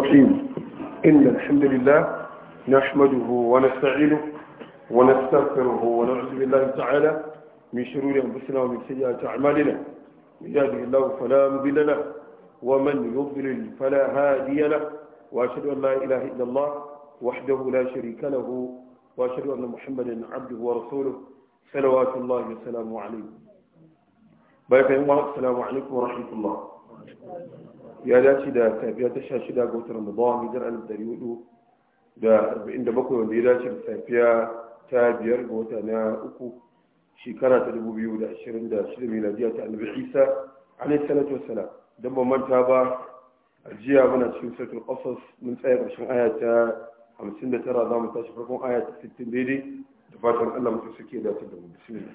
رحيم إن الحمد لله نحمده ونستعينه ونستغفره ونعوذ بالله تعالى من شرور أنفسنا ومن سيئات أعمالنا من يهده الله فلا مضل له ومن يضلل فلا هادي له وأشهد أن لا إله إلا الله وحده لا شريك له وأشهد أن محمدا عبده ورسوله صلوات الله وسلامه عليه بارك الله السلام عليكم ورحمة الله ya dace da safiya ta sha shida ga watan Ramadan hijar alif dari hudu da arba'in da bakwai wanda ya dace da safiya ta biyar ga wata na uku shekara ta dubu biyu da ashirin da shida miladiya ta annabi isa alaihi salatu wassalam dan ban manta ba ajiya muna cikin suratul qasas mun tsaya ƙarshen aya ta hamsin da tara za mu tashi farkon aya ta sittin daidai da fatan allah mutum suke dace da mu bismillah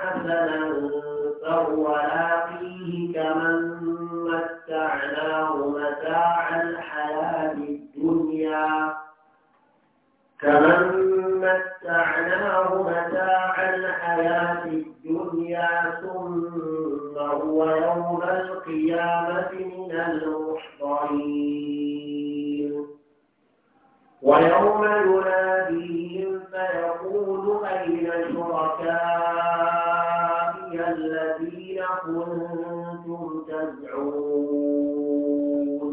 حسنا فهو لاقيه كمن متعناه متاع الحياة الدنيا كمن متعناه متاع الحياة الدنيا ثم هو يوم القيامة من المحضرين ويوم ينادي كنتم تزعمون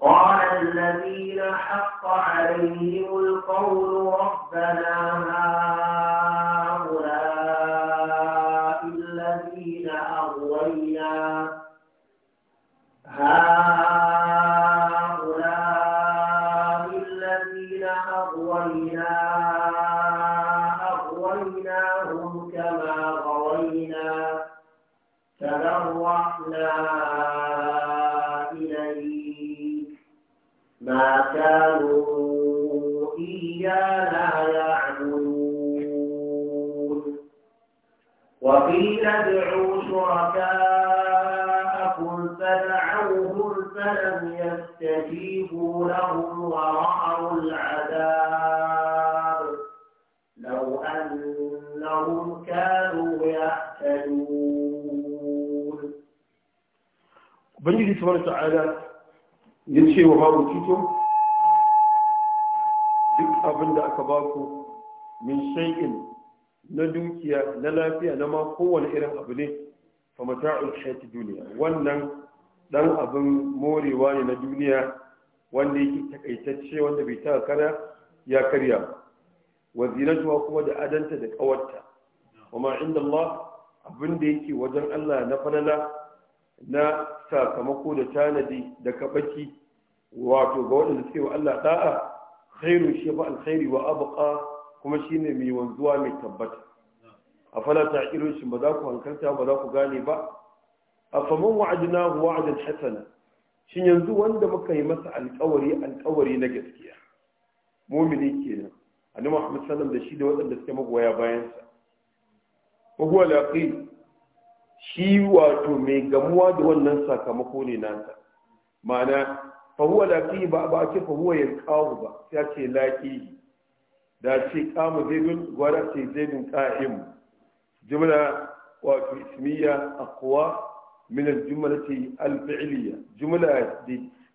قال الذين حق عليهم القول ربنا هؤلاء الذين أغوينا هؤلاء فاستجيبوا لهم ورأوا العذاب لو أنهم كانوا يعتدون بنجي سبحانه وتعالى ينشي وهارو تيتم duk abin da aka baku min shay'in na dukiya na lafiya na ma kowane irin abu ne fa mata'ul hayati duniya wannan dan abin morewa ne na duniya wanda yake takaitacce wanda bai ta kara ya karya wa kuma da adanta da kawarta kuma inda Allah abin da yake wajen Allah na falala na sakamako da tanadi da kabaki wato ga waɗanda suke wa Allah da'a khairu shi fa alkhairi wa abqa kuma shine mai wanzuwa mai tabbata afala ta'iru shi ba za ku hankalta ba za ku gane ba afaman wa'adnahu wa'adan hasana shin yanzu wanda muka yi masa alƙawari alƙawari na gaskiya mumini kenan annabi Muhammad sallallahu da shi da waɗanda suke magoya bayan sa wa laqi shi wato mai gamuwa da wannan sakamako ne nasa ma'ana fa huwa laqi ba ba ce fa huwa yalqahu ba ya ce laqi da ce qamu zaidun gwara ce zaidun qa'im jumla wato ismiya aqwa Mina al-jumlati al-fi'liya jumla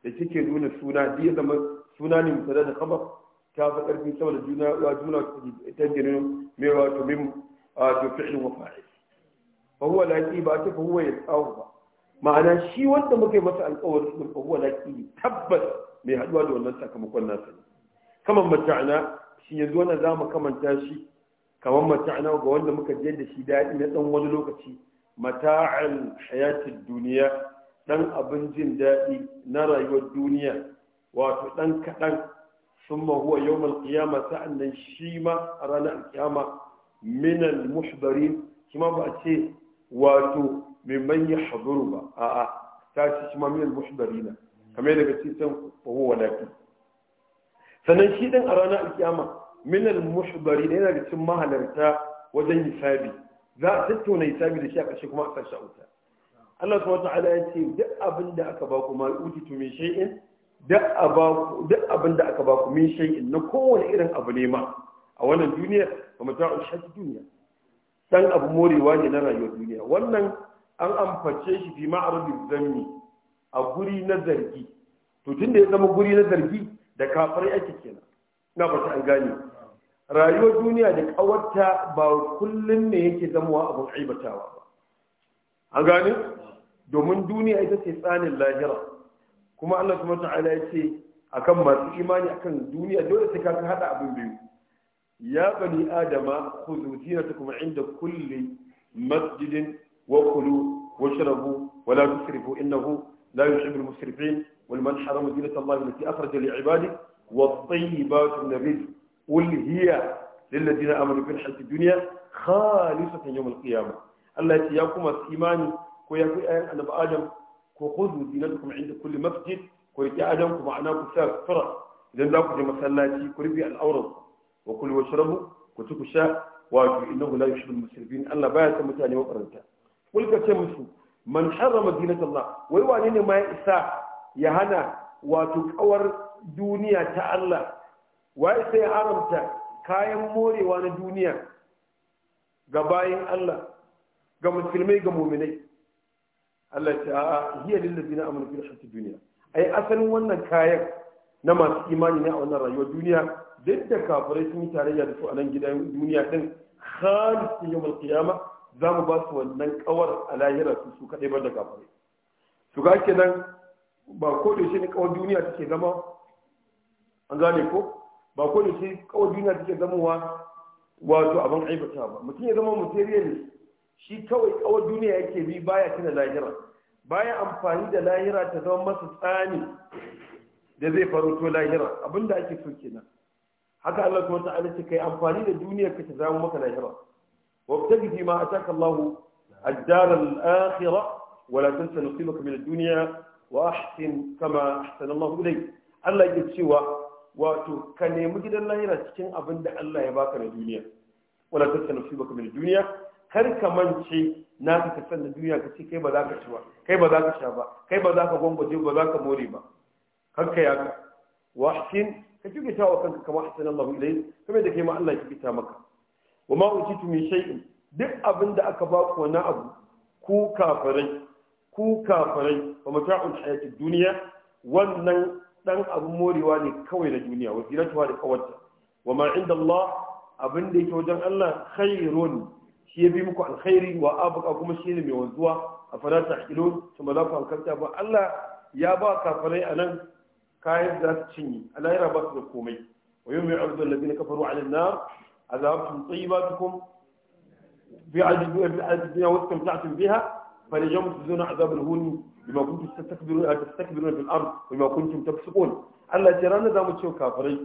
da take nuna suna da ya zama ta fi karfi sama da juna wa jumla ta jirin mai wato min to fi'l wa fa'il fa huwa laqi ba ta fa ma'ana shi wanda muka yi masa alƙawarin din fa tabbas mai haɗuwa da wannan sakamakon nasa ne kaman mata'ana shi zamu kamanta shi kaman mata'ana ga wanda muka je da shi daɗi na dan wani lokaci mata'al hayatid duniya dan abin jin daɗi na rayuwar duniya wato dan kaɗan sun huwa yawmal qiyama nan shi ma a ranar kiyama minan muhbarin shi ma ba a ce wato mimman ya haɗuru ba a'a ta ce shi ma minan minal na, kamar daga cikin huwa lafi sannan shi din a ranar kiyama minal na yana da cikin mahalarta wajen hisabi za a tattauna sami da shi a ƙarshe kuma a ƙarshe wuta Allah subhanahu wataala ya ce duk abin da aka ba ku min shay'in duk aka ba ku min na kowane irin abu ne ma a wannan duniya ba mu ta'u duniya dan abu morewa ne na rayuwa duniya wannan an amface shi fi ma'arudin zanni a guri na zargi to tunda ya zama guri na zargi da kafirai ake kenan na ba ta an gane rayuwar duniya da kawarta ba kullum ne yake zamowa abin aibatawa ba an gani domin duniya ita ce tsanin lahira kuma Allah subhanahu ta'ala ya ce akan masu imani akan duniya dole sai ka hada abin biyu ya bani adama ta zinatakum inda kulle masjidin wa kulu washrabu wa la tusrifu innahu la yuhibbul musrifin wal man harama zinata Allah allati akhraja li ibadihi wat tayyibat min rizq ulhiya lillazina amanu fil hayati dunya khalisatan yawm al-qiyamah Allah ya ce ya kuma imani ko ya ku ayan annabi Adam ko da kuma inda kulli masjid ko rike adam ku ma'ana ku sa sutura idan za ku je masallaci ku rufe al'auran wa kul washrabu ku ci ku sha wato innahu la yushibul musulmin Allah baya san mutane makaranta kul ka ce musu man harrama dinatallah wai wane ne ma ya isa ya hana wato kawar duniya ta Allah wa sai ya haramta kayan morewa na duniya ga bayan Allah ga musulmai ga muminai Allah ta a hiya lillazi na amurfi da shatta duniya ai asalin wannan kayan na masu imani ne a wannan rayuwar duniya duk da kafirai sun yi tarayya da su a nan gidan duniya din khalis ne yawmal kiyama za mu ba su wannan kawar a lahira su su kaɗai bar da kafirai su ga kenan ba ko da shi ne kawar duniya take zama an gane ko ba ko da shi kawai duniya take zamowa wato abin aibata ba mutum ya zama materialist shi kawai kawai duniya yake bi baya tuna lahira baya amfani da lahira ta zama masa tsani da zai faruto lahira abinda ake so kenan haka Allah subhanahu ta'ala ce kai amfani da duniyar ka ta zama maka lahira wa tabiji ma ataka Allah ad-dar al-akhirah wa la tansa nasibaka min ad-dunya wa ahsin kama ahsana Allah ilayk Allah yake cewa wato ka nemi gidan lahira cikin abin da Allah ya baka na duniya wala ta nufi baka min duniya kar ka mance na ka ka san duniya ka ce kai ba za ka ci ba kai ba za ka sha ba kai ba za ka gwangwaje ba za ka more ba kar ka yaka wahsin ka kibita wa kanka kama hasan Allah ilayhi kamar da kai ma Allah ya kibita maka wa ma utitu min shay'in duk abin da aka ba ku wani abu ku kafirai ku kafirai wa mata'ul hayatid duniya wannan dan abun morewa ne kawai na duniya wa zinatuwa da kawarta wa ma inda Allah abin da yake wajen Allah khairun shi ya bi muku alkhairi wa abuka kuma shi ne mai wanzuwa a fara tahilun to ba za ku hankalta ba Allah ya ba kafirai nan kayan za su cinye a yana ba su da komai wa yawmi yu'radu alladhina kafaru 'ala wasu nar azabtum tayyibatukum biya wa istamta'tum biha فاليوم a عذاب huni. bima kuntum tastakbiruna tastakbiruna fil ard bima kuntum tafsukun Allah ce ranar zamu ce kafirai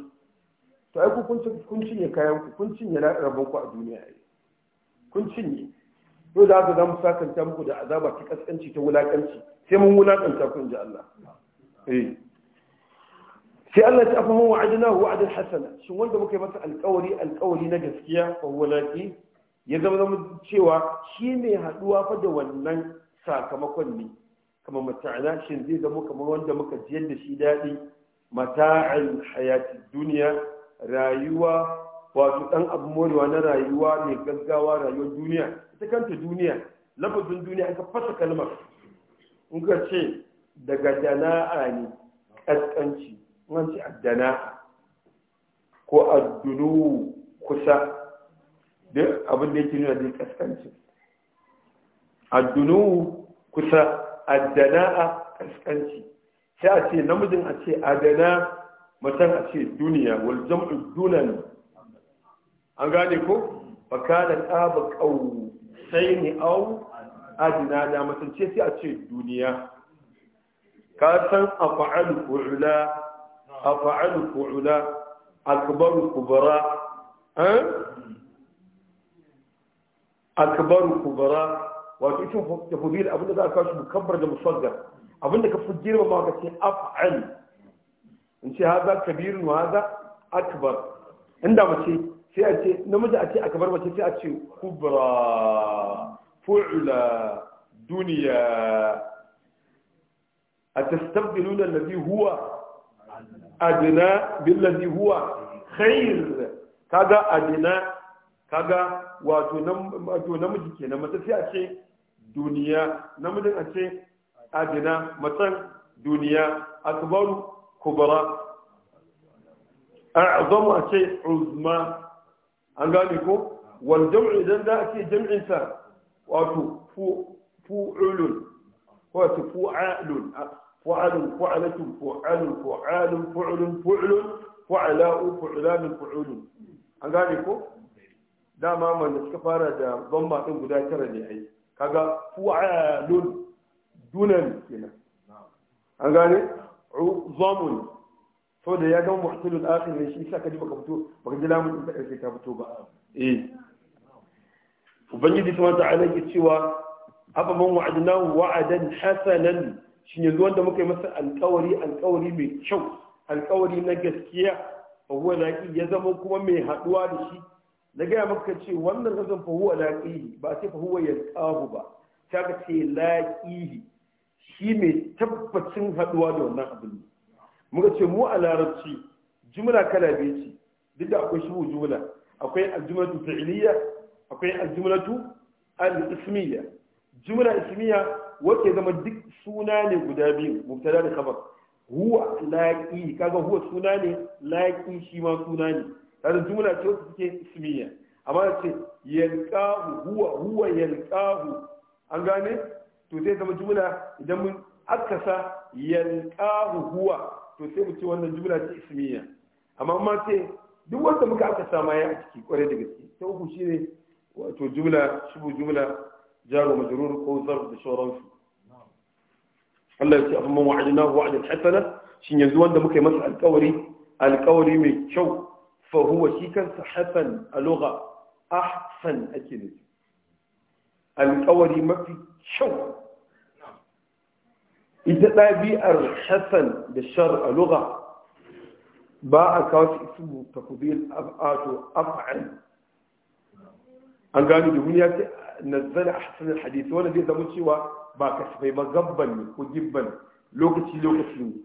to ai ku kun kun cinye kayan ku kun cinye rabon ku a duniya ai kun cinye to da za mu sakanta muku da azaba ta kaskanci ta wulakanci sai mun wulakanta ku inji Allah eh sai Allah ta afa mun wa'adna wa'adan hasana shin wanda muka yi masa alƙawari alƙawari na gaskiya fa wulaki ya zama zama cewa shi ne haduwa fa da wannan sakamakon ne kama mata'ana shi zai zama kamar wanda muka jiyar da shi daɗi Mata'an hayati duniya rayuwa wato ɗan abu morewa na rayuwa mai gaggawa rayuwar duniya ita kanta duniya lafazin duniya aka fasa kalmar in ka ce daga dana'a ne ƙasƙanci ce addana'a ko addunu kusa duk abin da yake nuna da ƙasƙanci addunu kusa a kaskanci sai a ce namijin a ce adana matan a ce duniya wal jam'u dunan an gane ko fa kana sai ni aw adna da matan ce sai a ce duniya ka san af'al fu'ula af'al fu'ula akbaru kubara an eh? akbaru kubara wato ita tafdil abinda za a kawo shi mukabbar da musaddar abinda ka fi girmama ka ce af'al in ce haza kabirun wa haza akbar inda mace sai a ce namiji a ce akbar mace sai a ce kubra fu'la duniya atastabdiluna alladhi huwa adna billadhi huwa khair kaga adna kaga wato namiji ke na mace sai a ce duniya namijin a ce adina matan duniya akbaru kubara a'zamu a ce uzma an gane ko wal jam'i idan da ake jam'in sa wato fu'ulun wato fu'alun fu'alun fu'alatun fu'alun fu'alun fu'alun fu'alun fu'alun fu'alun fu'alun an gane ko dama man da suka fara da bamba din guda tara ne ai kaga fu'alun dunan kenan an gane uzamun to da ya gama muhtalul akhir ne shi saka ka ji baka fito baka ji lamun da karshe ta fito ba eh ubangiji ta ta'ala yake cewa haba man wa'adna wa'adan hasanan shin yanzu wanda muka yi masa alƙawari alƙawari mai kyau alƙawari na gaskiya wa huwa laqi ya zama kuma mai haduwa da shi na gaya maka ce wannan rasan fahuwa laƙihi ba sai fahuwa ya tsahu ba ta ka ce laƙihi shi mai tabbacin haɗuwa da wannan abin ne muka ce mu a larabci jumla kala biyu ce duk da akwai shubu jumla akwai aljumlatu fi'liya akwai aljumlatu al-ismiya jumla ismiya wacce zama duk suna ne guda biyu mubtada da khabar huwa laqi kaga huwa suna ne laqi shi ma suna ne kada jumla ce wacce take ismiya amma ce yalqahu huwa huwa yalqahu an gane to sai zama jumla idan mun akasa yalqahu huwa to sai mu ce wannan jumla ce ismiya amma amma ce duk wanda muka akasa ma ya a ciki kware da gaske ta uku shine wato jumla shubu jumla jaru majrur ko zarf da shauransu Allah ya ce amma wa'adnahu wa'adan hasana shin yanzu wanda muka yi masa alƙawari alƙawari mai kyau fa huwa shi kansa hasan a lugha ahsan ake nufi alƙawari mafi kyau ita ɗabi'ar hasan da shar a lugha ba a kawo shi ismu takubir af'atu af'al an gano ya ce nazzala ahsan hadisi wanda zai zama cewa ba kasafai ba gabban ne ko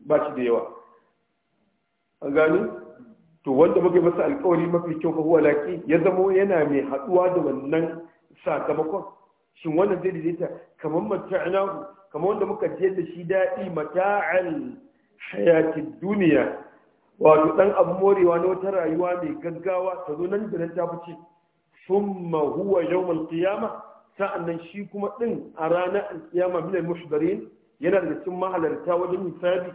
ba shi da yawa to wanda muka masa alkawari mafi kyau fa huwa ya zama yana mai haduwa da wannan sakamakon shin wannan zai daidaita kamar mata'ana kamar wanda muka je da shi daɗi mata'al hayatid duniya wato dan abu morewa na wata rayuwa mai gaggawa ta zo nan da nan ta fice summa huwa yawmal qiyama sa'annan shi kuma din a ranar alkiyama min al yana da cikin mahalarta wajen hisabi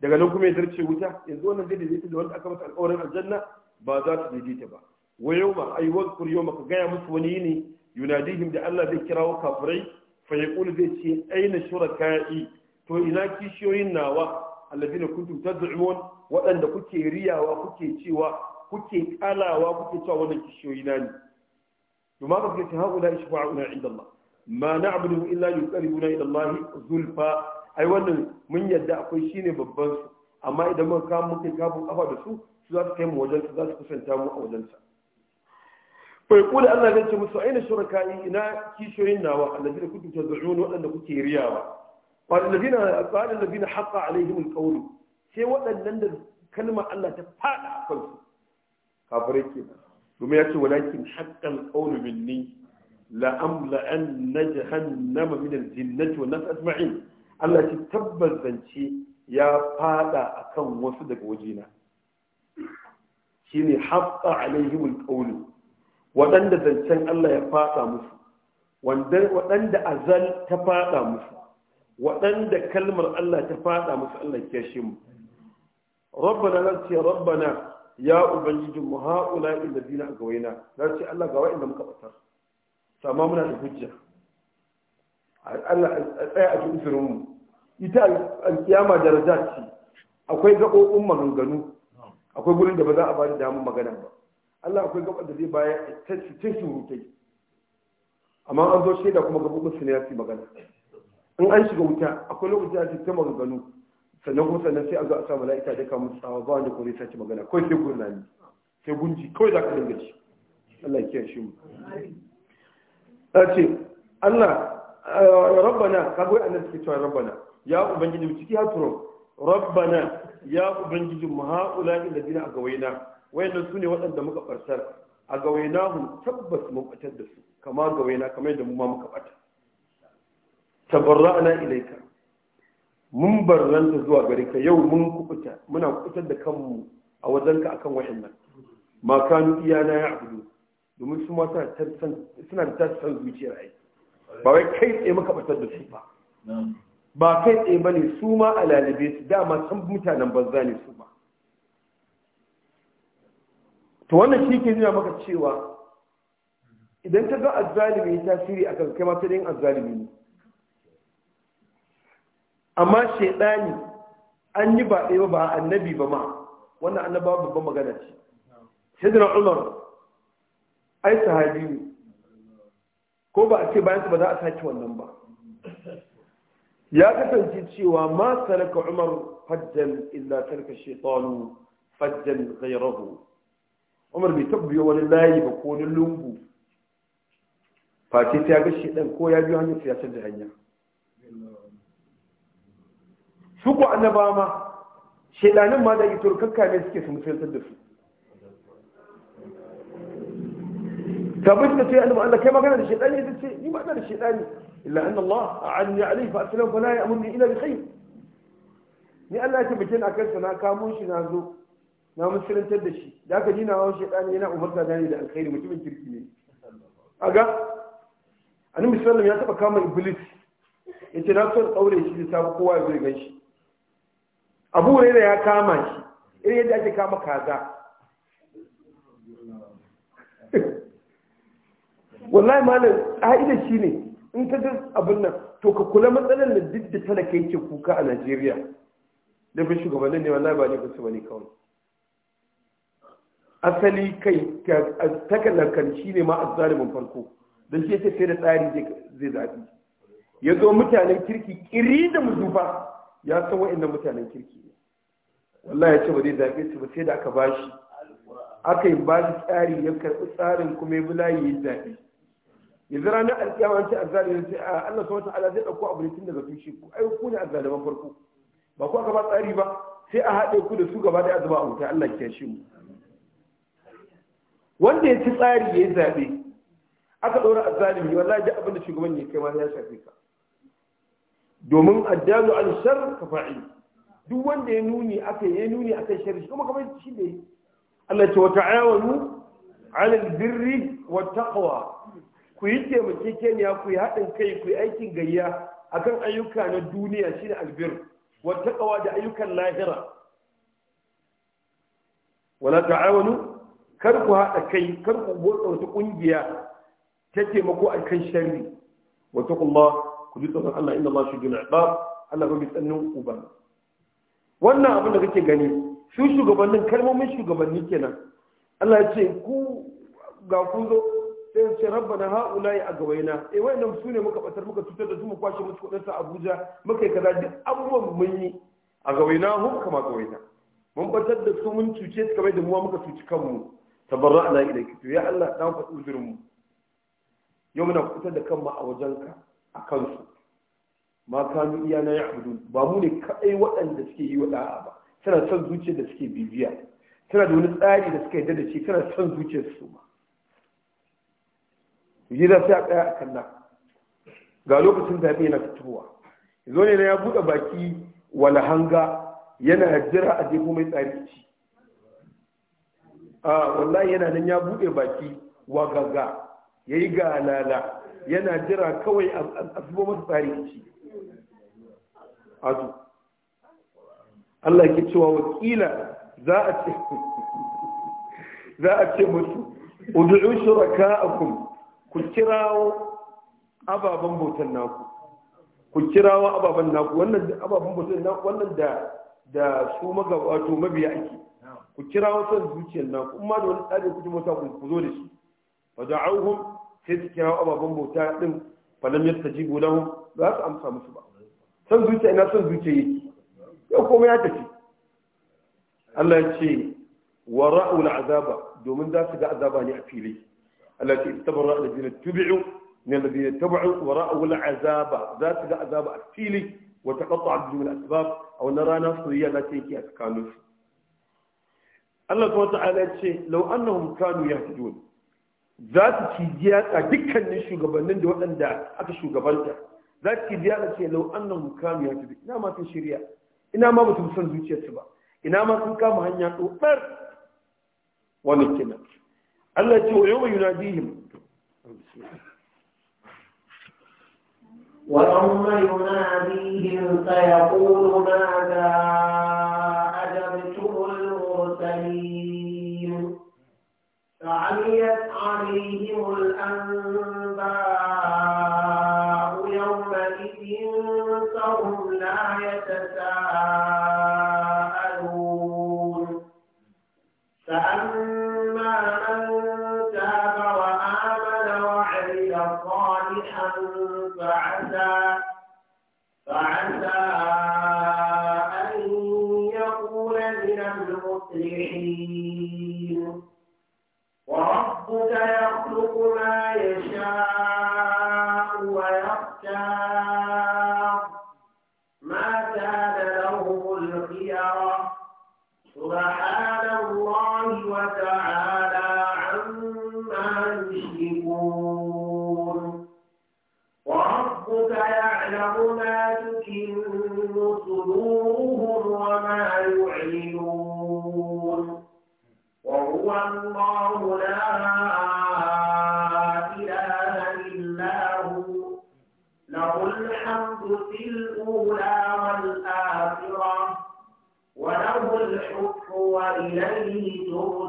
daga nan kuma ya zarce wuta yanzu wannan zai daidaita da wanda aka masa alƙawarin aljanna ba za su daidaita ba wa yau ma ai wazkur yau ka gaya musu wani yini yunadihim da Allah zai kirawo kafirai fa yaqulu zai ce aina shuraka'i to ina kishiyoyin nawa alladina kuntum tad'un waɗanda kuke riyawa kuke cewa kuke kalawa kuke cewa wannan kishiyoyi na ne to ka ce haula ishfa'una inda Allah ma na'budu illa yuqarribuna ila Allah zulfa ai wannan mun yadda akwai shine babban su amma idan muka kawo kafin kafa da su su za su kai mu wajen za su kusanta mu a wajen sa bai da Allah ya ce musu aina shuraka'i ina kishiyoyin nawa allazi da kuntum tad'un wadanda kuke riyawa walladina qala alladina haqa alaihim alqawl sai wadannan da kalmar Allah ta fada akan su kafirai kenan domin ya ce walakin haqqal qawl minni la amla an najhannama min aljinnati wan nas ajma'in Allah ce tabbas zance ya fada kan wasu daga wajena shine haqqa alaihimul qawlu waɗanda zancen Allah ya fada musu waɗanda azal ta fada musu waɗanda kalmar Allah ta fada musu Allah ya shi mu rabbana ce rabbana ya ubangiji mu haula illadina gawaina ce Allah ga wa'inda muka batar sama muna da hujja Allah a tsaya a cikin mu ita alkiyama daraja ce akwai gaɓoɓin maganganu akwai gurin da ba za a ba da damar magana ba Allah akwai gaɓar da zai baya ta surutai amma an zo shaida kuma gaɓoɓin su ne ya fi magana in an shiga wuta akwai lokaci a cikin maganganu sannan kuma sannan sai a zo a sa mala'ika da kamun tsawa ba wanda kore sace magana kawai sai gurin ne sai gunji kawai za ka dinga ci Allah ya kiyaye mu ta ce Allah ربنا eh, ka goyi annabi ke cewa ya ubangiji ciki haturum rabbana ya ubangiji mu haula da dina a gawaina wayannan su ne waɗanda muka farsar a gawaina hun tabbas mun ɓatar da su kama gawaina kamar yadda mu ma muka ɓata tabarra'ana ilaika mun barranta zuwa gare ka yau mun kubuta muna kubutar da kanmu a wajenka akan wayannan ma kanu iyana ya abudu domin su ma suna da tasirin zuciyar aiki ba wai kai tsaye muka batar da su ba ba kai tsaye ba ne su ma a lalibe su dama san mutanen banza ne su ba to wannan shi ke nuna maka cewa idan ta ga azzalimi ya tasiri a kan kaima yin azzalimi ne amma shaidani an yi ba ɗaya ba annabi ba ma wannan annaba babban magana ce shaidana umar ai sahabi ne ko ba a ce bayan su ba za a sake wannan ba ya kasance cewa ma salaka umar hajjan illa tarka shaitanu hajjan ghayrahu umar bai taɓa biyo wani layi ba ko wani lungu face ta ga shaitan ko ya biyo hanyar ya canza hanya su ko annaba ma shaitanin ma da ito kakka ne suke su musulunta da su tabbata da sai annaba Allah kai magana da shaitani ya ce ni magana da shaitani إلا أن الله أعني عليه فأسلم فلا يأمرني إلا بخير ni Allah ya tabbace ni akan sa na kamo shi na zo na musuluntar da shi da aka jina wa shaitani yana umarta da ni da alkhairi mutumin kirki ne aga annabi sallallahu ya taba kama iblis yace na so daure shi da sabu kowa ya zo gan shi Abu Hurairah ya kama shi irin yadda ake kama kaza wallahi malam ƙa'ida shi ne in ka ga abin nan to ka kula matsalar da duk da talaka yake kuka a najeriya da bin shugabannin ne wallahi ba ne ba su bane kawai asali kai takalakar shi ne ma a farko Dan shi yake sai da tsari zai zaɓi ya zo mutanen kirki ƙiri da muzufa ya san wa'annan mutanen kirki ne wallahi ya ce ba zai zaɓe su ba sai da aka bashi aka yi bashi tsari ya karɓi tsarin kuma ya bi ya zaɓe yanzu ranar alkiyama ce azzalimi sai ah, Allah subhanahu wataala zai dauko abu tun daga tushe ku ai ku ne azzaliman farko ba ku aka ba tsari ba sai a haɗe ku da su gaba da azuba a wuta Allah ya shi mu wanda ya ci tsari ya yi zaɓe aka ɗora azzalimi wallahi duk abin da shugaban ya kai ma ya shafe ka domin addalu an shar ka fa'i duk wanda ya nuni aka yi nuni akan sharri kuma kamar shi ne Allah ya ce wata ta'awanu 'ala al-birri wa taqwa ku yi taimakekeniya ku yi haɗin kai ku yi aikin gayya akan ayyuka na duniya shi da albir wata kawa da ayyukan lahira wala ta'awanu kar ku haɗa kai kar ku gotsa wata ƙungiya ta taimako a kan sharri wata kuma ku ji tsoron Allah inda masu juna ba Allah ba tsannin uba wannan abin da kake gani su shugabannin kalmomin shugabanni kenan Allah ya ce ku ga kun zo sai su ce rabbana haula ya agawaina eh nan su ne muka batar muka cutar da su mu kwashe musu kudin su Abuja muka yi kaza duk abubuwan mun yi a agawaina hum kama agawaina mun batar da su mun cuce su kamar da mu muka cuci kanmu tabarra'na ki to ya Allah dan faɗi uzurin mu yau muna kutar da kanmu a wajenka a kansu ma kanu iya na ya'budu ba mu ne kadai waɗanda suke yi wada'a ba tana son zuciyar da suke bibiya tana da wani tsari da suka yarda da shi tana son zuciyar su ma gida sai a tsaya a kalla ga lokacin zaɓe na fitowa zo ne na ya buɗe baki wala hanga yana jira a jefo mai tsari ci a wallahi yana nan ya buɗe baki wa gaga ya yi ga alala. yana jira kawai a zubo masa tsari ci Allah ke cewa wakila za a ce za a ce musu udu'u shuraka'akum ku kirawo ababen bautan naku ku kirawo ababen naku wannan da ababen bautan naku wannan da da su magabato mabiya ake ku kirawo son zuciyar naku amma da wani tsarin kuke mota ku zo da shi wa da'awhum sai su kirawo ababen bauta din lam yastajibu lahum ba su amsa musu ba son zuciya ina son zuciya yake yau komai ya tafi Allah ya ce wa ra'ul azaba domin za su ga azaba ne a fili التي استبرأ الذين اتبعوا من الذين اتبعوا ورأوا العذاب ذات العذاب التيلي وتقطع بهم الأسباب أو نرى نصرية التي كي أتكانوش الله سبحانه وتعالى لو أنهم كانوا يهتدون ذات تيجيات أدكا نشو قبلن دو أن دا أكشو قبلتا ذات تيجيات لو أنهم كانوا يهتدون إنا ما في شريعة إنا ما بتبسن زوجيات سبا إنا ما كنت كام هنيا أوبر ونكنا التي هو يوم يناديهم ويوم يناديهم فيقول ماذا أجبته المرسلين فعليت عليهم الأنباء يخلق ما يشاء ويختار ما كان سبحان الله وتعالى عما يشركون وربك يعلم ما تكن صدورهم وما يعلنون وهو الله لا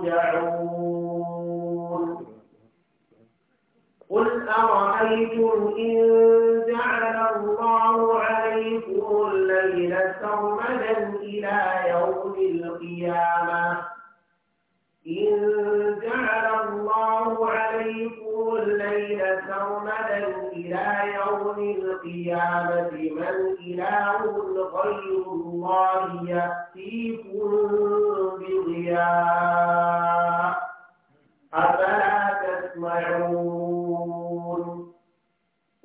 ترجعون قل أرأيتم إن جعل الله عليكم الليل سرمدا إلى يوم القيامة إن جعل الذين سرمدا إلى يوم القيامة من إله غير الله يأتيكم بضياء أفلا تسمعون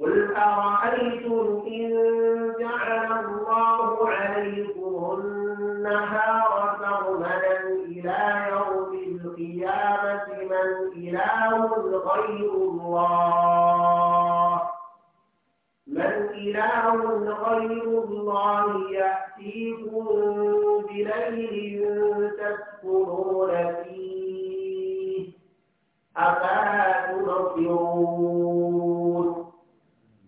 قل أرأيتم إن جعل الله عليكم النهار إله غير الله من إله غير الله يأتيكم بليل تسكنون فيه أفلا تبصرون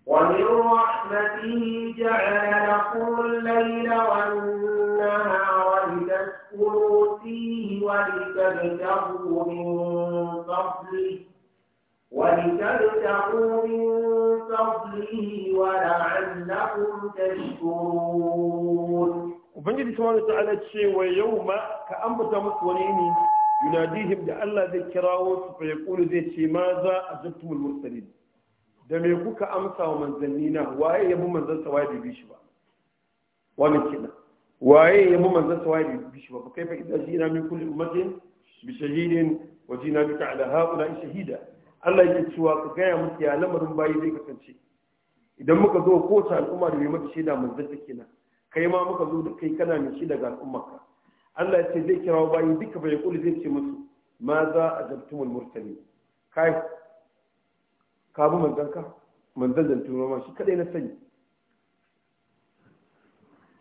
ومن رحمته جعل لكم الليل والنهار لتسكنوا ولتبتغوا من فضله ولتبتغوا من فضله ولعلكم تشكرون Ubangiji subhanahu ta'ala cewa yau ma ka ambata musu wani ne yunadihim da Allah zai kirawo su fa yaqulu zai ce ma za azabtumul mursalin da me kuka amsa wa manzannina waye ya bi manzon sa waye bai bi shi ba wannan kenan waye ya mu manzon sa waye bi shi ba fa kaifa idza jina min kulli ummatin bi shahidin wa jina bika ala haula shahida Allah yake cewa ka gaya musu ya lamarin bayi zai kasance idan muka zo ko ta al'umma da bai mata shaida manzon ta kenan kai ma muka zo da kai kana mai shaida ga al'ummarka Allah ya ce zai kira bayi duka bai kulli zai ce musu ma za a zabtumul mursali kai ka bu manzan ka manzon da turo ma shi kadai na sani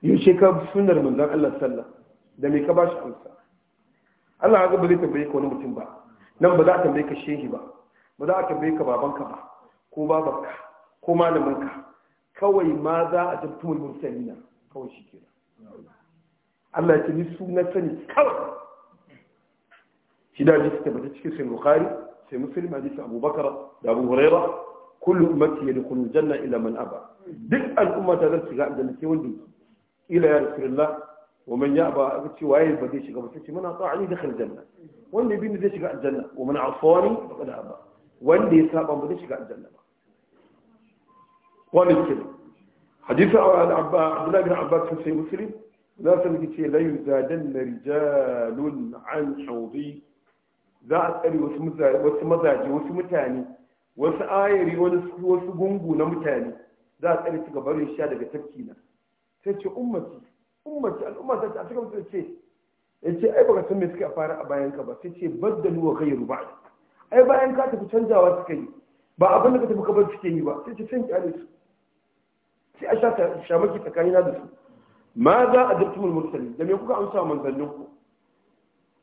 yaushe ka sunar manzan Allah sallah da mai ka ba shi amsa Allah haka ba zai tambaye ka wani mutum ba nan ba za a tambaye ka shehi ba ba za a tambaye ka babanka ba ko babanka ko malaminka kawai ma za a jabtumul mursalina kawai shi ke Allah ya ce ni su na sani kawai shi da ji tabbata cikin sai bukhari sai Musulmi, muslim hadisi abubakar da abu huraira kullu ummati yadkhulu janna Ila, man aba duk al'umma ta zan shiga aljanna sai wanda ila ya rasulullah wa man ya'ba aka ce waye ba zai shiga ba sai ce mana ta'ani dakhal janna wanda bin zai shiga aljanna wa man afani faqad aba wanda ya saba ba zai shiga aljanna ba wannan kenan hadisi Abdullah bin Abbas sai Muslim za su miki ce la yuzadan rijalun an haudi za a tsare wasu mazaje wasu mutane wasu ayari wasu gungu na mutane za a tsare su gabarin sha daga tafki na sai ce ummati ummati al'umma ta ce a cikin mutum ce ya ce ai baka san me suka fara a bayan ka ba sai ce baddalu wa ghayru ruba ai bayan ka tafi canjawa suka yi ba abin da ka tafi kabar suke yi ba sai ce san kyale su sai a sha shamaki tsakanina da su ma za a jirtumul mursali da me kuka amsa manzannin ku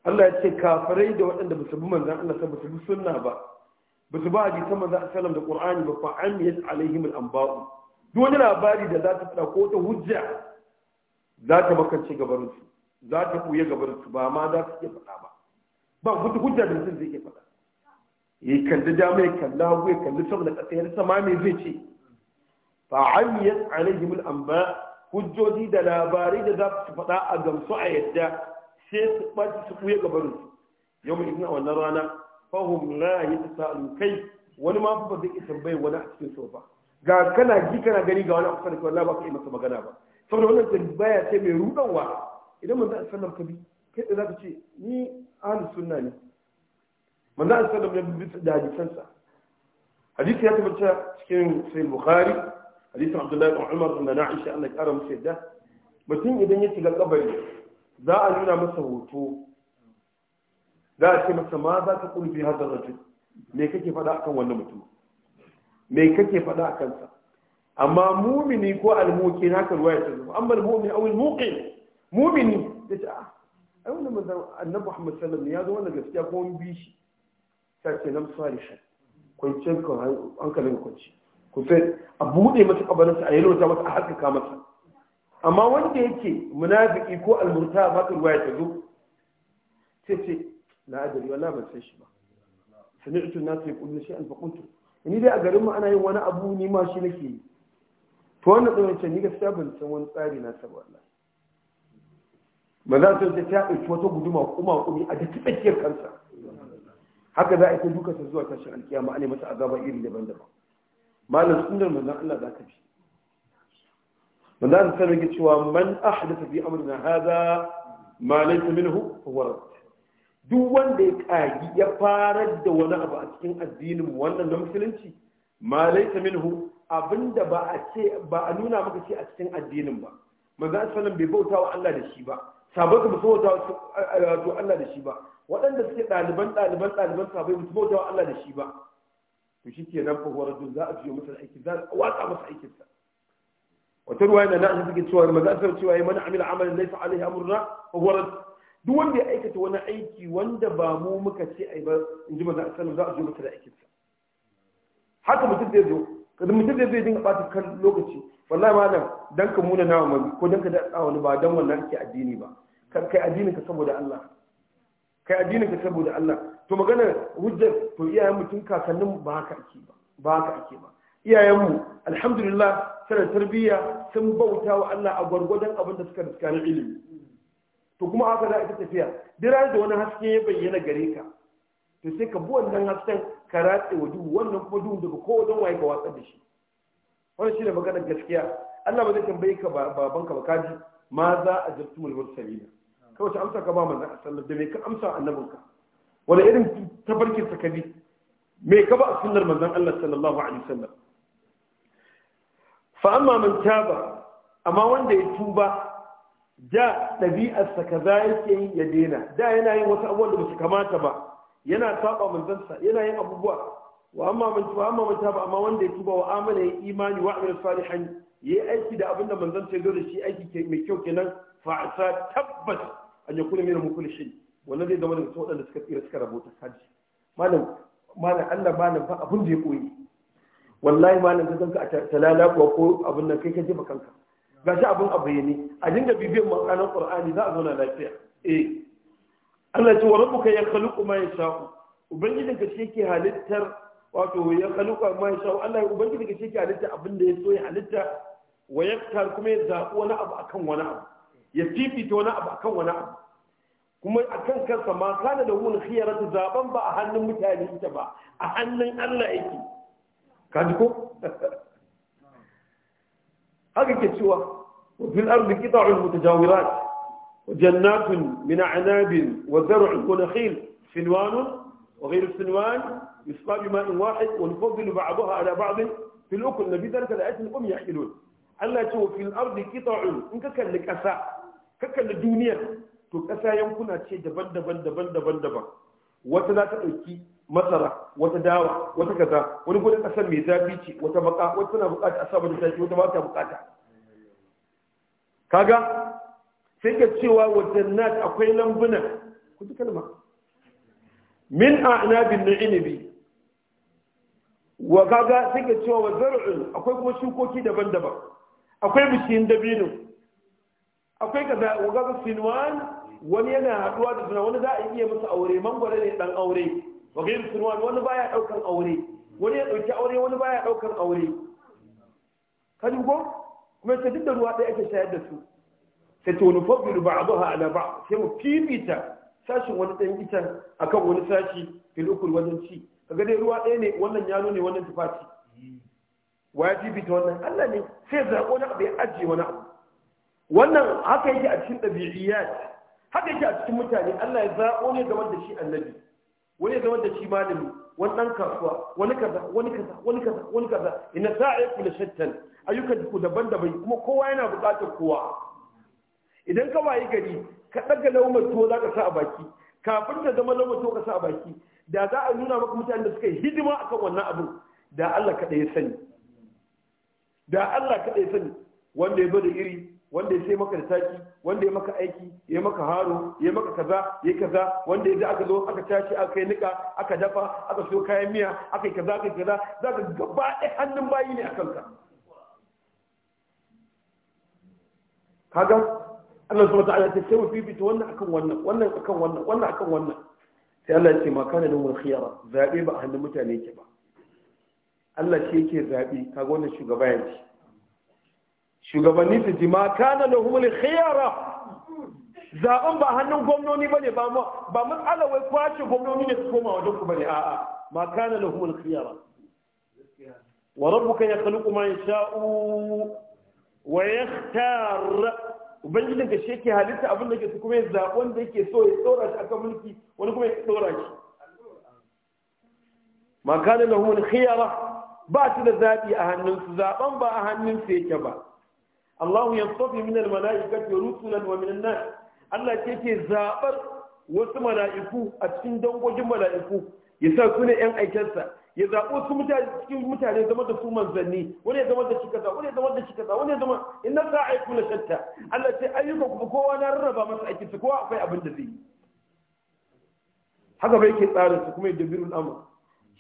Allah ya ce kafirai da waɗanda ba su bi manzan Allah ba su bi sunna ba ba su ba hadisan manzan sallam da Qur'ani ba fa'an an yas an al-anba'u duk wani labari da za ta fada ko ta hujja za ta makance gabarinsu za ta ɓuya gabarinsu ba ma za ta iya faɗa ba ba wata hujja da mutum zai iya faɗa ya kalli dama ya kalli hagu ya kalli sama da ƙasa ya sama mai zai ce fa amiyat alaihim an ba hujjoji da labarai da za su faɗa a gamsu a yadda sai su ɓaci su ɓuya gabarinsu yau mai ina wannan rana fahimla ya ta sa'alun kai wani ma ba zai iya tambayar wani a cikin sofa ga kana ji kana gani ga wani kusa da ba ka yi masa magana ba saboda wannan tambaya ce mai rudarwa idan manzo a alaihi wasallam ka bi kai da zaka ce ni ahlus sunna ne manzo a alaihi wasallam ya bi da hadisansa hadisi ya tabbata cikin sahih bukhari hadisin abdullahi ibn umar da aisha Allah ya kara musu yadda mutum idan ya shiga kabari za a nuna masa hoto za a ce masa ma za ka kulfi hadar rajul me kake faɗa akan wannan mutum me kake faɗa a kansa amma mumini ko almuki haka ruwa ya ta zama amma almumin aw almuqin mumini ta ce ah ai wannan manzon annabi Muhammad sallallahu alaihi wasallam ya zama wani gaskiya ko wani bishi. ta ce nam shan. kwanciyar hankalin kwanci ku sai a buɗe masa kabarinsa a yi lota masa a haskaka masa amma wanda yake munafiki ko almurta ba ka ruwaya ta zo sai ce na ajali wala ban san shi ba sami'tu nasu yaqulu shay'an shi qultu ni dai a garinmu ana yin wani abu ni ma shi nake yi to wannan tsoron can ni gaskiya ban san wani tsari na saba Allah maza ta ce ta ɗauki wata guduma kuma kuma a da tsakiyar kansa haka za a yi ta dukansa zuwa tashin alkiyama ana masa azaba irin daban-daban malam sunan manzon Allah za ka fi manzon Allah sanar cewa man ahdatha fi amrina hadha ma laysa minhu huwa duk wanda ya kagi ya fara da wani abu a cikin addinin wannan na musulunci ma laisa minhu abinda ba a ce ba a nuna maka ce a cikin addinin ba manzo sallallahu bai bauta wa Allah da shi ba sahabbai ba su bauta wa Allah da shi ba waɗanda suke ɗaliban ɗaliban ɗaliban sahabbai ba su bauta wa Allah da shi ba to shi ke nan fahuwar rajul za a fiye masa aiki za a watsa masa aikinsa wata ruwa yana na suke cewa manzo sallallahu cewa mana amila amalin laifin alaihi amurna fahuwar rajul duk wanda ya aikata wani aiki wanda ba mu muka ce ai ba in ji manzon sallallahu za a zo masa da aikin sa haka mutum zai zo kada mutum zai dinga bata kan lokaci wallahi malam dan ka muna nawa mai ko dan ka da wani ba dan wannan ke addini ba kai addinin ka saboda Allah kai addinin ka saboda Allah to magana hujjar to iyayen mutum kakannin ba haka ake ba ba haka ake ba iyayenmu alhamdulillah tana tarbiyya sun bauta wa Allah a gwargwadon abin da suka riska na ilimi to kuma haka za a ta tafiya dira da wani haske ya bayyana gare ka to sai ka bi wannan hasken ka ratse wa duhu wannan kuma duhu daga kowace waye ka watsar da shi wannan shine magana gaskiya Allah ba zai tambaye ka baban ka ba kaji ma za a jabtumul mursalina kawai ta amsa ka ba manzon sallallahu da me ka amsa annabin ka wani irin tabarkin sa ka bi me ka ba a sunnar manzon Allah sallallahu alaihi wasallam fa amma man taba amma wanda ya tuba da ɗabi'arsa kaza yake yi ya daina da yana yin wasu abubuwan da su kamata ba yana saba manzansa yana yin abubuwa wa amma man tuba amma man taba amma wanda ya tuba wa amana ya imani wa amil salihan yayi aiki da abinda manzon ce dole shi aiki mai kyau kenan fa sa tabbas an yakuna min kulli shi wannan zai zama daga cikin wadanda suka tsira suka rabota kaji malam malam Allah malam fa abin da ya koyi wallahi malam ka a talala ko abin nan kai ka jefa kanka ga shi abin abu ne a dinga bibiyan makanan qur'ani za a zauna lafiya eh Allah ce wa rabbuka yakhluqu ma yasha'u ubangijinka shi yake halittar wato ya khaluqa ma yasha'u Allah ubangijinka shi yake halitta abin da ya so ya halitta wa yaktar kuma ya zaɓi wani abu akan wani abu ya fifita wani abu akan wani abu kuma akan kansa ma kana da wani khiyaratu zaben ba a hannun mutane ita ba a hannun Allah yake kaji ko haka ke cewa wafin fil ardi qita'un mutajawirat wa jannatun min a'nabin wa zar'un wa nakhil sinwanun wa ghayru sinwan yusqa bi ma'in wahid wa nufaddilu ba'daha ala ba'd fil ukul nabi dalika la'atin qum yahilun Allah ce wa fil ardi qita'un in ka kalli kasa ka kalli duniya to kasa yankuna ce daban-daban daban-daban daban wata za ta dauki masara wata dawa wata kaza wani gudun kasar mai zafi ce wata maka wata tana bukata a saboda tashi wata ba ta bukata kaga sai ka cewa wata nat akwai lambuna ku ji kalma min bin na inibi wa kaga sai ka cewa wata zar'un akwai kuma shukoki daban-daban akwai bishiyin dabino akwai kaza wa kaga sinwan wani yana haduwa da suna wani za a iya masa aure mangwara ne dan aure wa gairu wani baya daukan aure wani ya dauki aure wani baya daukan aure ka dubo kuma ta duk da ruwa ɗaya ake shayar da su sai to nufabbiru ba'daha ala ba'd sai mu fifita sashin wani ɗan itan akan wani sashi fil ukul wajen ci kaga dai ruwa ɗaya ne wannan yano ne wannan tufafi wa ya fifita wannan Allah ne sai zaɓo na abu ya ajiye wani abu wannan haka yake a cikin ɗabi'iyyat haka yake a cikin mutane Allah ya zaɓo ne game da shi annabi wani zama da shi malami wani dan kasuwa wani kaza wani kaza wani kaza wani kaza inna sa'iku la shattan ayyukan ku daban-daban kuma kowa yana buƙatar kowa idan ka wayi gari ka daga laumar tuwo za ka sa a baki kafin da zama laumar tuwo ka sa a baki da za a nuna maka mutanen da suka yi hidima akan wannan abin da Allah kaɗai ya sani da Allah kaɗai ya sani wanda ya zo iri wanda ya sai maka da taki wanda ya maka aiki ya maka haro ya maka kaza ya kaza wanda ya aka zo aka tashi aka yi nika aka dafa aka so kayan miya aka yi kaza aka yi kaza za ka gaba ɗaya hannun bayi ne a kanka kaga Allah subhanahu wa ta'ala ta sai fifita wannan akan wannan wannan akan wannan wannan akan wannan sai Allah ya ce ma kana da wal khiyara zabe ba a hannun mutane yake ba Allah shi yake zabe kaga wannan shugaba ya ce shugabanni su ji ma kana da humul khiyara zaben ba hannun gwamnoni ne ba mu ba ala wai kwace gwamnoni ne su koma wajen ku ne a'a ma kana da humul khiyara wa rabbuka yakhluqu ma yasha'u wa yakhtar ubangijin ka shi yake halitta abin da ke su kuma ya zaɓi wanda yake so ya tsora shi akan mulki wani kuma ya tsora shi ma kana lahumul khiyara ba su da zaɓi a hannunsu zaɓen ba a hannunsu yake ba Allah ya tsofi min al-mala'ikati rusulan wa min an-nas Allah ce ke zabar wasu mala'iku a cikin dangogin mala'iku ya sa su ne yan aikensa ya zaɓo su mutane cikin mutane zama da su manzanni wani ya zama da shi kaza wani ya zama da shi kaza wani ya zama inna sa'iku la shatta Allah ce ayyuka kuma kowa na rarraba masa aikin su kowa akwai abin da zai yi haka bai ke tsarin su kuma yadda birul amr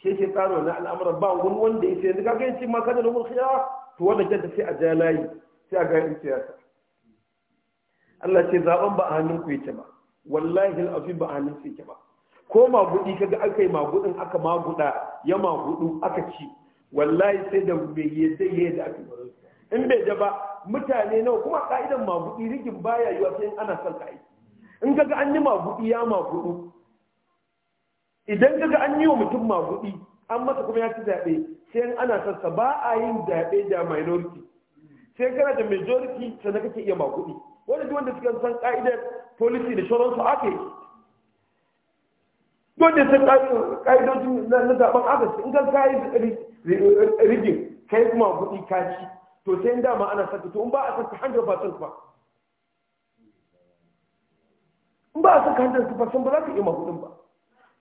shi yake tsaro na al'amuran ba wani wanda ya sai yanzu kaga yace ma kada da mun khiyara to wannan kanta sai a ja layi sai a gani siyasa Allah ce zaben ba a hannun ku yake ba wallahi al'afin ba a hannun su yake ba ko ka kaga aka yi magudin aka maguda ya magudu aka ci wallahi sai da bai yi zai yi da aka in bai da ba mutane nawa kuma ka'idan magudi rigin baya yiwa sai ana son ka in kaga an yi magudi ya magudu idan kaga an yi wa mutum magudi an masa kuma ya ci zaɓe sai ana son sa ba a yin zaɓe da minority sai kana da majority sannan kake iya makudi wanda duk wanda suka san ka'idar policy da shoron su ake duk da san ka'idojin na zaben agaji in kan kayi rigin kai kuma kuɗi kaci to sai ma ana saka to in ba a saka 100% ba in ba a saka 100% ba za ka iya makudin ba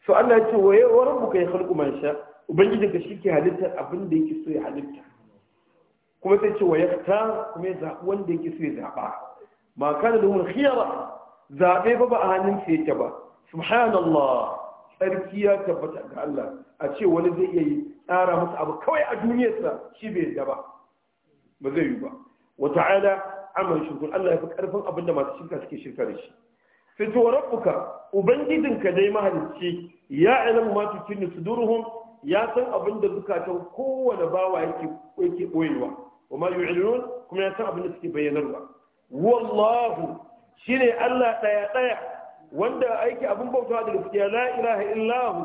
so Allah ya ce wa rabbuka ya khalqu man sha ubangijinka shi ke halittar abin da yake so ya halitta kuma sai ce wa ta? kuma ya zaɓi wanda yake so ya zaɓa ma kana da hun khiyara zaɓe ba ba a hannun sa yake ba subhanallah tsarki ya tabbata ga Allah a ce wani zai iya yi tsara masa abu kawai a duniyarsa shi bai yarda ba ba zai yi ba wa ta'ala amal shirkun Allah ya fi karfin abin da masu shirka suke shirka da shi fito rabbuka ubangijinka dai mahalicci ya ilam ma tukinnu suduruhum ya san abin da zukatan kowane bawa yake yake boyewa wa ma yu'linun kuma ya san abin da suke bayyanarwa wallahu shine Allah daya daya wanda aiki abin bautawa da gaskiya la ilaha illahu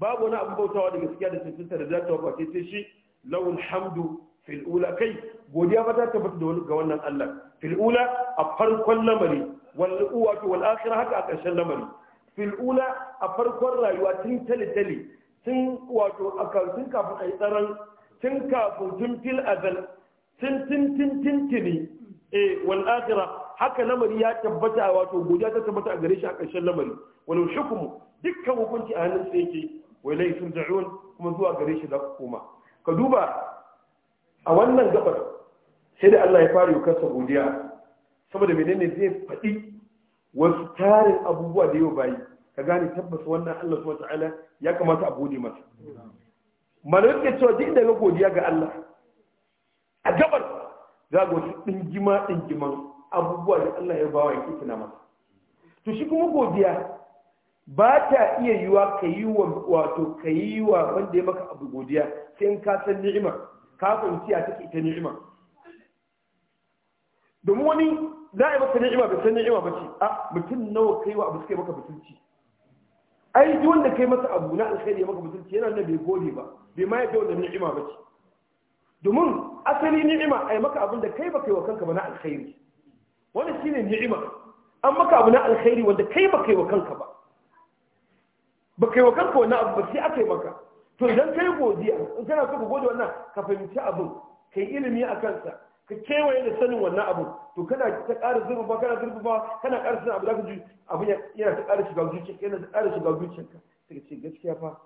babu wani abin bautawa da gaskiya da tantanta da zata ba sai shi lawul hamdu fil kai godiya ba ta tabbata ga wannan Allah fil ula a farkon lamari wal wato wal akhirah haka a ƙarshen lamari fil ula a farkon rayuwa tun tale tale tun wato a tun a yi tsaron tun tun azal tintintintini eh wal akhirah haka lamari ya tabbata wato godiya ta tabbata a gare shi a ƙarshen lamari wal hukmu dukkan hukunci a hannun sai yake wai sun da'un kuma zuwa gare shi za ku koma ka duba a wannan gabar sai da Allah ya fara yi kansa godiya saboda menene zai faɗi wasu tarin abubuwa da yau bayi ka gane tabbas wannan Allah subhanahu wa ya kamata a gode masa malaka ke cewa duk daga godiya ga Allah a gabar za ga wasu ɗingima ɗingiman abubuwa da Allah ya bawa ya kitina masa to shi kuma godiya ba ta iya yiwa ka yi wa wato ka yi wa wanda ya maka abu godiya sai in ka san ni'ima ka fahimci ya take ita ni'ima domin wani za a yi maka ni'ima bai san ni'ima ba ce a mutum nawa ka yi wa abu suka yi maka mutunci ai duk wanda kai masa abu na alkhairi ya maka mutunci yana nan bai gode ba bai ma yadda wannan ni'ima ba ce domin asali ni'ima ai maka abin da kai baka yi wa kanka ba na alkhairi wannan shine ni'ima an maka abu na alkhairi wanda kai baka yi wa kanka ba ba kai wa kanka wani abu ba sai aka yi maka to idan kai godiya in kana so ka gode wannan ka fahimci abin yi ilimi a kansa ka kewaye da sanin wannan abu to kana ta ƙara zurfafa kana zurfafa kana ƙara sanin abu za ka ji abin yana ta ƙara shiga zuciyarka yana ta ƙara shiga zuciyarka sai ka ce gaskiya fa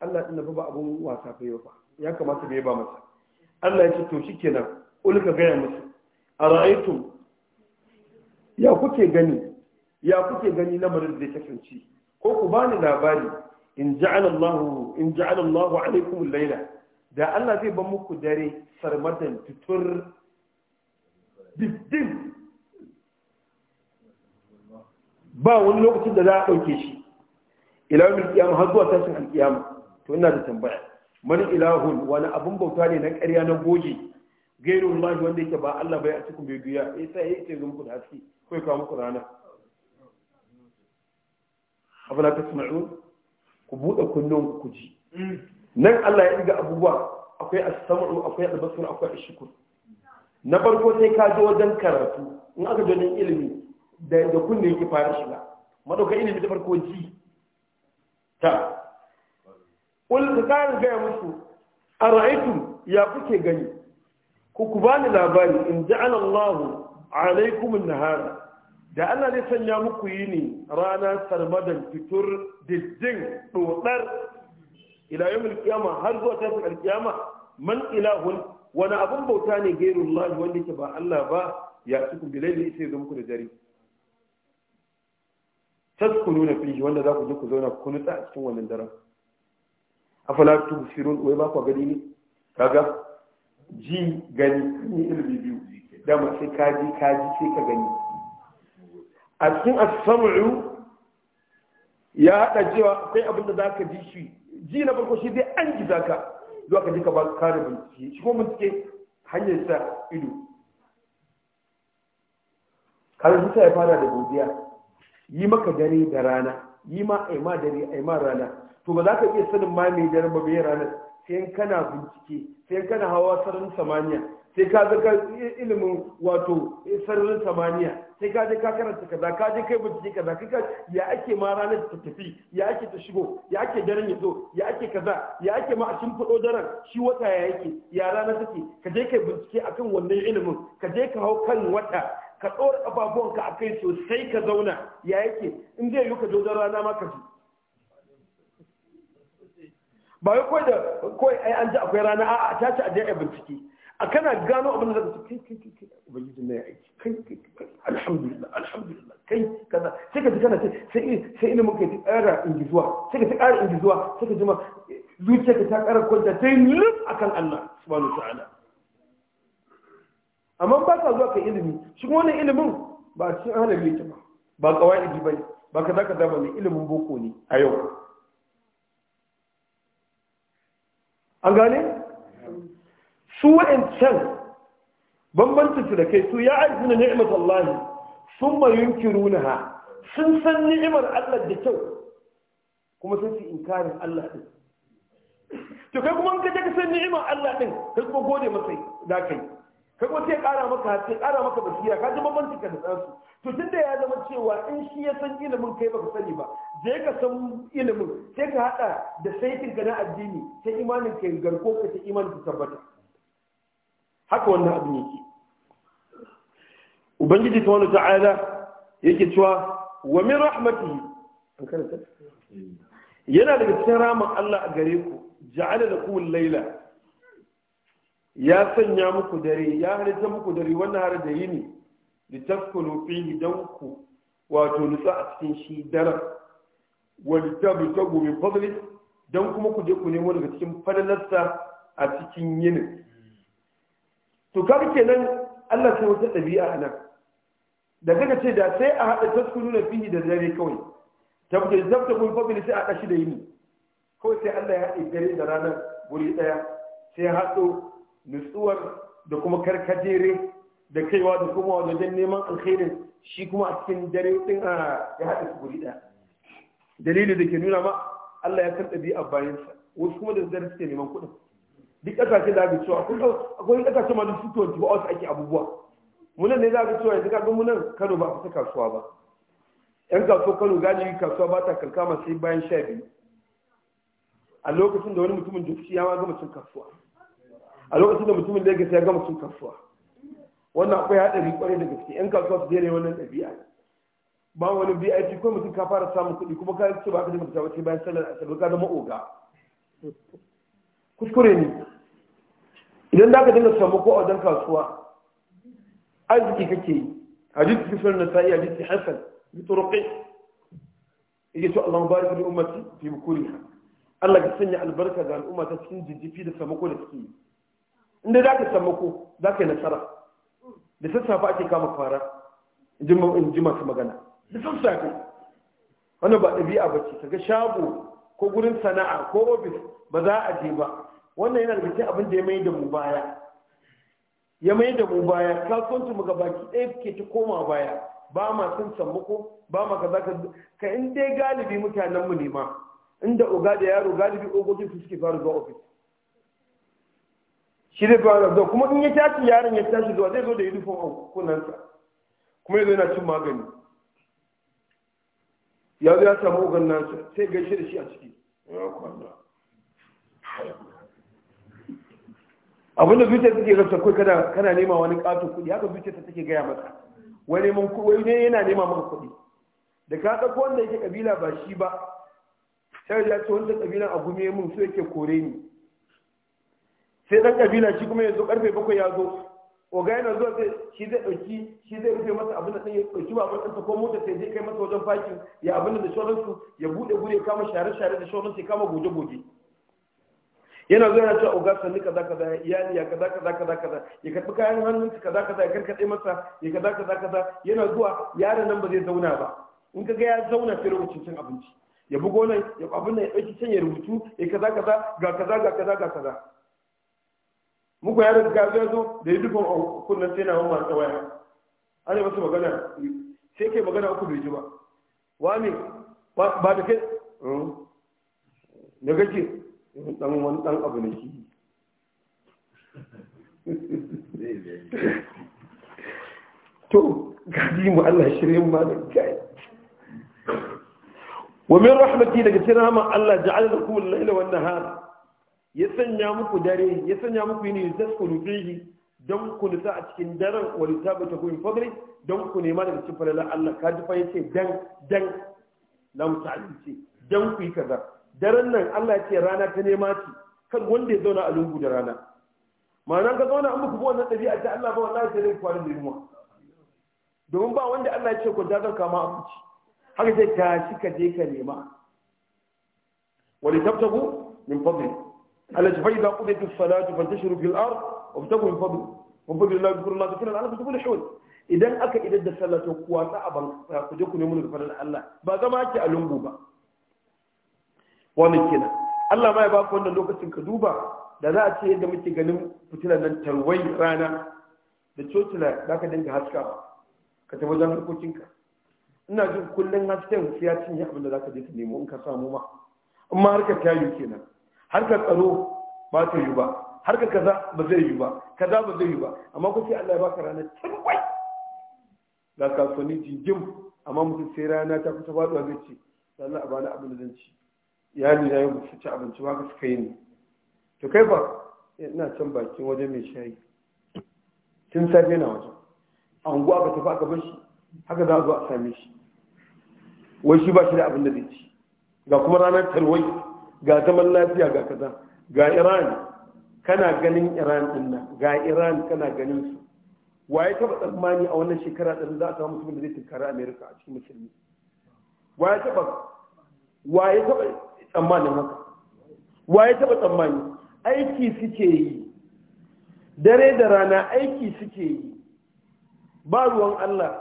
Allah ɗin na fa ba abun wasa fa yau fa ya kamata bai ba masa Allah ya ce to shikenan ulka ka gaya musu ara'aytum ya kuke gani ya kuke gani lamarin zai kasance ko ku bani labari in ja'ala Allah in ja'ala Allah alaikum al-laila da Allah zai ban muku dare sarmatan tutur diddin ba wani lokacin da za a ɗauke shi ila yau amma, har zuwa tashin alkiyama to ina da tambaya man ilahun wani abun bauta ne na ƙarya na goge gairu lahi wanda yake ba Allah bai a cikin bai duya ya sa ya ce zo da haske ko ya kawo muku rana ta sumaru ku buɗe kunnen ku ji nan Allah ya ɗiga abubuwa akwai as-sam'u akwai al-basar akwai ash-shukr na farko sai ka ji wajen karatu in aka ji wajen ilimi da da kunne yake fara shiga madauka ilimi da farko ji ta ƙul ka gaya musu a ya kuke gani ku ku bani labari in ja'ala Allahu alaikum nahara da Allah ne sanya muku yi ne rana sarmadan fitur diddin dodar ila yawmil qiyama har zuwa tashin alqiyama man ilahun wani abun bauta ne gairullah wanda ke ba Allah ba ya tuku bilaili sai zo muku da dare nuna fihi wanda za ku je ku zauna ku nutsa a cikin wannan daren afala tubsirun wai ba gani ne kaga ji gani ni ilmi biyu dama sai kaji, kaji sai ka gani a cikin as-sam'u ya hada cewa akwai abin da zaka ji shi ji na farko shi dai an ji zaka zuwa ka ji ka ba ka da bincike shi kuma bincike hanyar sa ido kada shi ya fara da godiya yi maka dare da rana yi ma aima dare ma rana to ba za ka iya sanin ma mai daren ba mai ranar sai kana bincike sai kana hawa sararin samaniya sai ka ga ilimin wato sararin samaniya sai ka je ka karanta kaza ka je kai bincike kaza kai ka ya ake ma ranar ta tafi ya ake ta shigo ya ake daren ya zo ya ake kaza ya ake ma a shimfiɗo daren shi wata ya yake ya rana take ka je kai bincike akan wannan ilimin ka je ka hau kan wata ka ɗora ka a kai sosai ka zauna ya yake in zai yi ka zo rana ma ka ji ba yi kawai da kawai ai an ji akwai rana a a tashi a je a bincike a kana gano abin da zaka kai kai kai ubangiji ne aiki kai kai alhamdulillah alhamdulillah kai kaza sai ka ji kana sai sai ilimin kai ta ƙara ingizuwa sai ka ta ƙara ingizuwa sai ka ji ma zuciyarka ta ƙara kwanta ta yi lif akan Allah subhanahu ta'ala amma ba ka zuwa kai ilimi shi wannan ilimin ba cikin halabi ta ba ba kawai ba ba ka za ba ne ilimin boko ne a yau an gane su wa'ancan bambancin su da kai su ya aiki na ni'imar Allah sun ma yunkiru ha sun san ni'imar Allah da kyau kuma sun fi inkarin Allah ɗin. to kai kuma ka je ka san ni'imar Allah ɗin, kai kuma gode masa da kai ka kuma sai kara maka haske kara maka basira ka ji bambancin ka da tsansu to tun da ya zama cewa in shi ya san ilimin kai baka sani ba je ka san ilimin sai ka hada da saitin ka na addini sai imanin ka garko ka ta imanin ka tabbata haka wannan abin yake ubangiji ta wani ta'ala yake cewa wa min rahmatihi mm. yana daga cikin ramin Allah a gare ku ja'ala lakum Laila. ya sanya muku dare ya halitta muku dare wannan har da yini litaskunu fihi dan ku wato nutsa a cikin shi daren wa ta gobe fadli don kuma ku je ku nemo daga cikin fadalarsa a cikin yinin to kaga kenan Allah sai wata ɗabi'a a nan da kaga ce da sai a haɗa taskunu na fihi da dare kawai tabbata tabtagu min fadli sai a kashi da yini kawai sai Allah ya haɗe dare da ranar guri ɗaya sai haɗo nutsuwar da kuma karkajere da kaiwa da kuma wajen neman alkhairin shi kuma a cikin dare din a ya haɗa su guri ɗaya dalili da ke nuna ma Allah ya karɓa biyu a bayansa wasu kuma da dare suke neman kuɗin duk ƙasashe da aka cewa akwai ƙasashe ma duk fitowar ba wasu ake abubuwa munan ne za ka cewa yanzu kaga munan Kano ba a fita kasuwa ba yan kasuwa Kano galibi kasuwa ba ta kankama sai bayan sha biyu a lokacin da wani mutumin duk ya ma gama cin kasuwa a lokacin da mutumin da ya gasa ya gama cin kasuwa wannan akwai haɗari kwarai da gaske yan kasuwa su daina wannan ɗabi'a ba wani vip ko mutum ka fara samun kuɗi kuma ka ce ba ka da mutum ba bayan sallar asabar ka zama oga kuskure ne idan da ka dinga samu ko a wajen kasuwa arziki kake yi hadith fi sunan nasa'i hadith hasan bi turuqi yake to Allah mubarak li umarci fi bukuriha Allah ka sanya albarka ga al'umma ta cikin jijjifi da samako da suke yi inda za ka samu ku za ka yi nasara da sassafe ake kama fara in ji masu magana da sassafe wani ba ɗabi'a ba ce ga shago ko gurin sana'a ko ofis ba za a je ba wannan yana da abin da ya mai da mu baya ya mai da mu baya kasuwanci mu baki ɗaya ke ta koma baya ba ma sun sammako ba ma za ka ka in dai galibi mutanenmu ne ma inda oga da yaro galibi ogogin su suke fara zuwa ofis shi zai zuwa kuma in ya tashi yaron ya tashi zuwa zai zo da uniform a kunansa kuma yanzu yana cin magani ya zo ya samu ugan nasa sai gaishe da shi a ciki abinda zuciya take rasa kai kana kana nema wani katon kuɗi haka zuciya ta take gaya masa wani neman kuɗi ne yana nema maka kuɗi da ka ɗauko wanda yake kabila ba shi ba sai ya ce wanda kabila a gume mun so yake kore ni sai dan kabila shi kuma yanzu karfe bakwai ya zo oga yana zuwa sai shi zai dauki shi zai rufe masa abin da sai ya dauki baban ɗansa ko mota sai zai kai masa wajen fakin ya abin da shoran su ya bude gure kama share share da shoran sai kama goje goje yana zuwa yana cewa oga sanni kaza kaza ya iyali ya kaza kaza kaza kaza ya karbi kayan hannun su kaza kaza ya karkade masa ya kaza kaza kaza yana zuwa yaron nan ba zai zauna ba in ga ya zauna sai lokacin cin abinci ya bugo nan ya abin da ya dauki can ya rubutu ya kaza kaza ga kaza ga kaza ga kaza muku ya riga ya zo da yi dukkan kunnan sai na wani masu waya ana masu magana sai kai magana uku bai ji ba wa ne ba da kai hmm. da kake hmm, dan wani dan abu ne shi to gadi mu Allah shirin ma da kai wa min rahmati daga cikin rahman Allah ja'ala lakum al-laila wan nahara ya sanya muku dare ya sanya muku yini taskunu fihi don ku nisa a cikin daren wani tabbata ku fadri don ku nema daga cikin falala Allah ka ji fa ce dan dan la ce, dan ku yi kaza daren nan Allah ce rana ta nema ci kan wanda ya zauna a lungu da rana ma'ana ka zauna an muku bi wannan ɗabi'a ta Allah ba wallahi sai zai kwarin da yunwa domin ba wanda Allah ya ce ku da kama a kuci haka sai shi ka je ka nema wani tabtabu min fadli على فإذا قضيت الصلاة فانتشروا في الأرض وابتغوا من فضل من فضل الله يذكر الله ذكرا على فتقول حول idan aka idar da sallah to kuwa ta aban ku je ku nemi daga farar Allah ba zama ake a lungu ba wannan kenan Allah ma ya wannan lokacin ka duba da za a ce yadda muke ganin fitilar nan tarwai rana da cocila za ka dinga haska ka tafi wajen harkokinka ina jin kullum hasken sai ya cinye abin da za ka je ka nemo in ka samu ma amma harka ta yi kenan harkar tsaro ba ta yi ba harkar kaza ba zai yi ba kaza ba zai yi ba amma kuma sai Allah ya baka ranar tarwai ga kasuwanni jingim amma mutum sai rana ta kusa faduwa zai ce sannan a bani abin da zan ci iyali na yi ba su ci abinci ba ka suka yi ne to kai ba ina can bakin wajen mai shayi tun safe na wajen unguwa ba tafi aka bar shi haka za a zo a same shi wai shi ba shi da abin da zai ci ga kuma ranar tarwai ga zaman lafiya ga kaza ga iran kana ganin iran din nan ga iran kana ganin su waye taba tsammani a wannan shekara din za a samu musulmi da zai tunkari amerika a cikin musulmi waye taba waye taba tsammanin haka waye taba tsammani aiki suke yi dare da rana aiki suke yi ba ruwan allah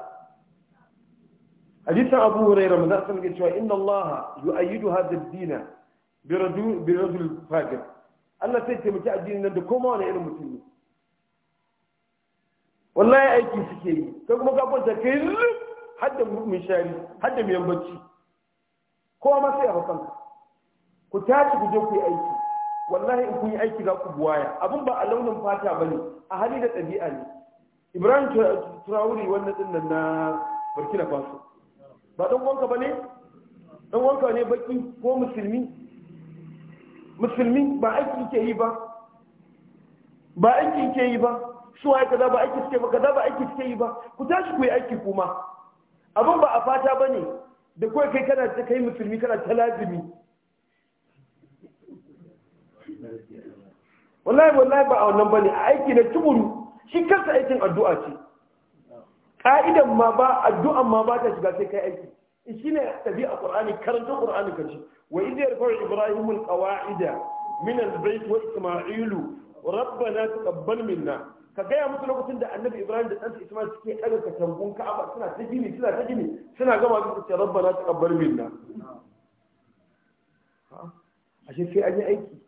hadisan abu hurairah maza sun ga cewa inna allah yu'ayyidu hadha ad bi rajul fajir Allah sai taimaki addinin nan da koma wani irin mutum ne wallahi aiki suke yi sai kuma ka kwanta kai ruf Hadda mu mun shari hadda mu miyan bacci kowa ma sai a hukan ku tashi ku je ku yi aiki wallahi in kun yi aiki za ku buwaya abin ba a launin fata ba ne a hali da ɗabi'a ne ibrahim turawuri wannan ɗin nan na burkina faso ba ɗan wanka ba ne ɗan wanka ne baki ko musulmi musulmi ba aiki ke yi ba ba aiki ke yi ba su waye kaza ba aiki suke ba kaza ba aiki suke yi ba ku tashi ku yi aiki kuma abin ba a fata ba ne da kawai kai kana ta kai musulmi kana ta lazimi wallahi wallahi ba a wannan ba ne a aiki na tuburu shi kansa aikin addu'a ce ka'idan ma ba addu'an ma ba ta shiga sai kai aiki shi ne ɗabi'a ƙur'ani karanta ƙur'ani ka ci wa idh yarfa'u ibrahim alqawa'ida min albayt wa isma'ilu rabbana taqabbal minna ka gaya musu lokacin da annabi ibrahim da ɗansa ismail suke ɗaga ka tambun ka'aba suna ta gini suna ta gini suna gama su ce rabbana taqabbal minna ashe sai an yi aiki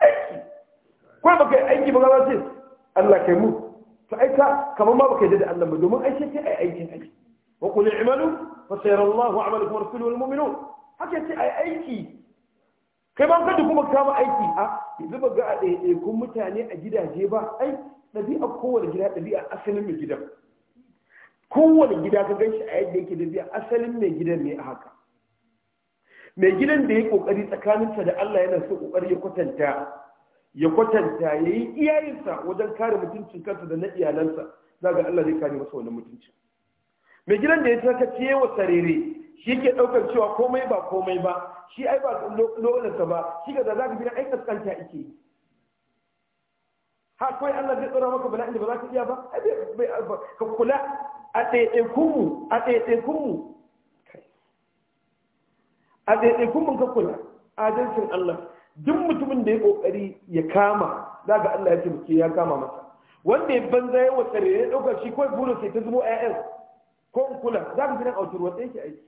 aiki ko ba kai aiki ba za ce Allah kai mu to aika kamar ma ba kai da Allah ba domin ai sai ai aikin aiki wa qul i'malu fa sayara Allahu 'amalakum wa rasuluhu wal mu'minun haka ce aiki kai ban kada kuma kama aiki a yanzu ba ga a mutane a gidaje ba ai ɗabi'a kowane gida ɗabi'a asalin mai gidan kowane gida ka gan shi a yadda yake ɗabi'a asalin mai gidan ne a haka mai gidan da ya ƙoƙari tsakaninsa da Allah yana so ƙoƙari ya kwatanta ya kwatanta ya yi iyayensa wajen kare mutuncin kansa da na iyalansa za ga Allah zai kare masa wannan mutuncin mai gidan da ya sarkace wa sarere shi ke ɗaukar cewa komai ba komai ba shi ai ba lo'ulansa ba shi ga za ka gina ai kaskanta ike har kawai Allah zai tsara maka bala'in da ba za ka iya ba ka kula a kunmu a kunmu a kunmu ka kula adalcin Allah duk mutumin da ya ƙoƙari ya kama za ga Allah ya muke ya kama masa wanda ya banza yawa wata ya ɗaukar shi kawai burin sai ta zubo 'ya'yan ko in kula za ka jira nan auki ruwa ɗaya aiki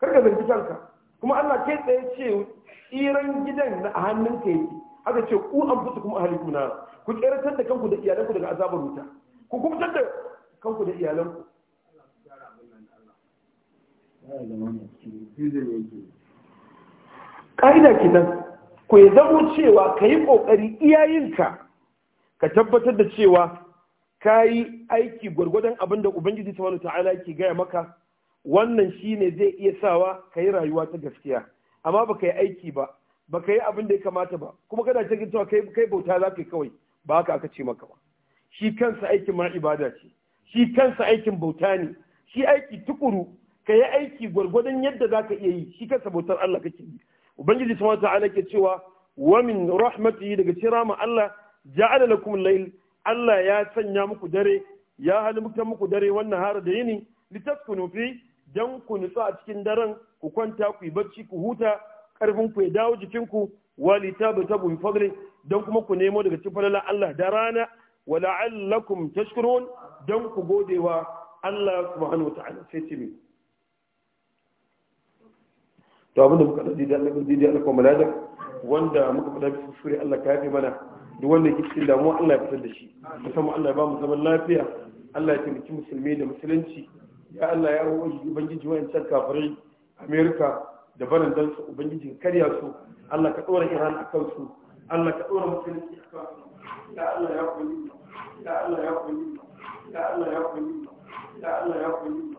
kar ka zargi kanka kuma Allah kai tsaye ce tsiran gidan a hannun ka yake aka ce ku an fito kuma ahli kuna ku tsiratar da kanku da iyalanku daga azabar wuta ku kubutar da kanku da iyalanku ƙa'ida nan, ku ya zamo cewa ka yi ƙoƙari iyayenka ka tabbatar da cewa ka aiki gwargwadon abin da ubangiji subhanahu ta'ala ke gaya maka wannan shine zai iya sawa ka yi rayuwa ta gaskiya amma baka yi aiki ba baka yi abin da ya kamata ba kuma kana cikin cewa kai kai bauta za ka yi kawai ba haka aka ce maka ba shi kansa aikin ma ibada ce shi kansa aikin bauta ne shi aiki tukuru ka yi aiki gwargwadon yadda za ka iya yi shi kansa bautar Allah kake yi ubangiji subhanahu ta'ala ke cewa wa min rahmatihi daga cikin Allah ja'ala lakum layl Allah ya sanya muku dare ya halimta muku dare wannan har da yini litaskunu fi don ku nutsu a cikin daren ku kwanta ku yi bacci ku huta karfin ku ya dawo jikin ku da tabu bi fadli don kuma ku nemo daga cikin falala Allah da rana wa la'allakum tashkurun don ku godewa Allah subhanahu wa ta'ala sai ce to da muka dadi da Allah dadi Allah wanda muka fada fi sure Allah ka yafe mana duk wanda yake cikin damuwa Allah ya fitar da shi musamman Allah ya ba mu zaman lafiya Allah ya taimaki musulmi da musulunci ya Allah ya rawo ubangiji can kafirai America da barin dan su ubangiji karya su Allah ka dora Iran kan su Allah ka dora musulunci a kan su ya Allah ya kulli ya Allah ya kulli ya Allah ya kulli ya Allah ya kulli